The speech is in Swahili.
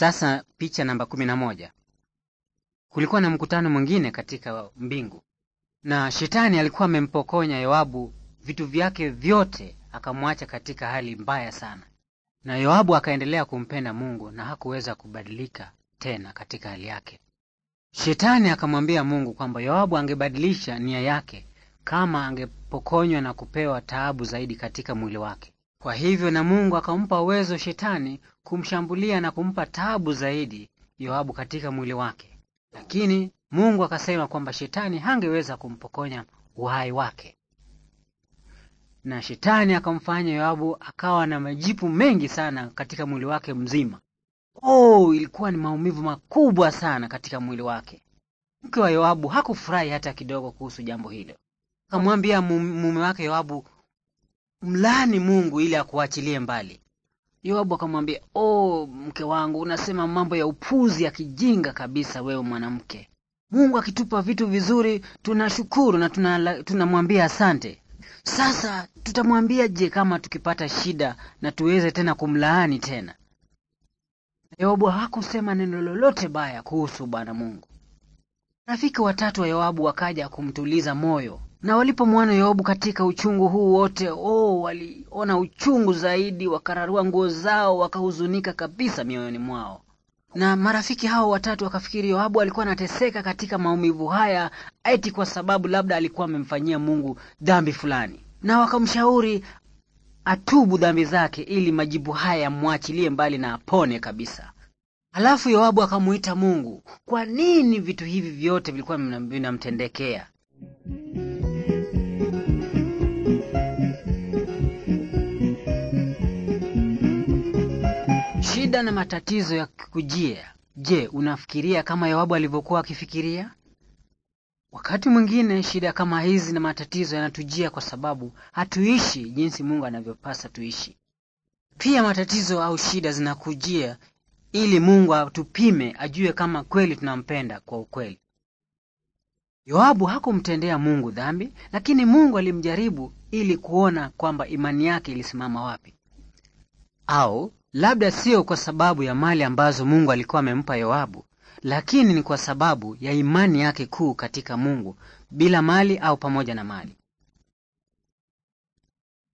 Sasa picha namba kumi na moja. Kulikuwa na mkutano mwingine katika mbingu, na shetani alikuwa amempokonya Yoabu vitu vyake vyote, akamwacha katika hali mbaya sana, na Yoabu akaendelea kumpenda Mungu na hakuweza kubadilika tena katika hali yake. Shetani akamwambia Mungu kwamba Yoabu angebadilisha nia yake kama angepokonywa na kupewa taabu zaidi katika mwili wake. Kwa hivyo na Mungu akampa uwezo Shetani kumshambulia na kumpa tabu zaidi Yoabu katika mwili wake, lakini Mungu akasema kwamba Shetani hangeweza kumpokonya uhai wake, na Shetani akamfanya Yoabu akawa na majipu mengi sana katika mwili wake mzima. Oh, ilikuwa ni maumivu makubwa sana katika mwili wake. Mke wa Yoabu hakufurahi hata kidogo kuhusu jambo hilo, akamwambia mume wake Yoabu, mlaani Mungu ili akuachilie mbali. Yoabu akamwambia, "Oh, mke wangu, unasema mambo ya upuzi ya kijinga kabisa wewe mwanamke. Mungu akitupa vitu vizuri tunashukuru na tunamwambia tuna asante. Sasa tutamwambia je kama tukipata shida na tuweze tena kumlaani tena?" Yoabu hakusema neno lolote baya kuhusu Bwana Mungu. Rafiki watatu wa Yoabu wakaja kumtuliza moyo na walipomwona Yobu katika uchungu huu wote, oh, waliona uchungu zaidi, wakararua nguo zao, wakahuzunika kabisa mioyoni mwao. Na marafiki hao watatu wakafikiri Yoabu alikuwa anateseka katika maumivu haya, eti kwa sababu labda alikuwa amemfanyia Mungu dhambi fulani, na wakamshauri atubu dhambi zake ili majibu haya yamwachilie mbali na apone kabisa. Alafu Yoabu akamuita Mungu. Kwa nini vitu hivi vyote vilikuwa vinamtendekea? Shida na matatizo yakikujia, je, unafikiria kama Yoabu alivyokuwa akifikiria? Wakati mwingine shida kama hizi na matatizo yanatujia kwa sababu hatuishi jinsi Mungu anavyopasa tuishi. Pia matatizo au shida zinakujia ili Mungu atupime, ajue kama kweli tunampenda kwa ukweli. Yoabu hakumtendea Mungu dhambi, lakini Mungu alimjaribu ili kuona kwamba imani yake ilisimama wapi, au Labda sio kwa sababu ya mali ambazo Mungu alikuwa amempa Yoabu, lakini ni kwa sababu ya imani yake kuu katika Mungu bila mali au pamoja na mali.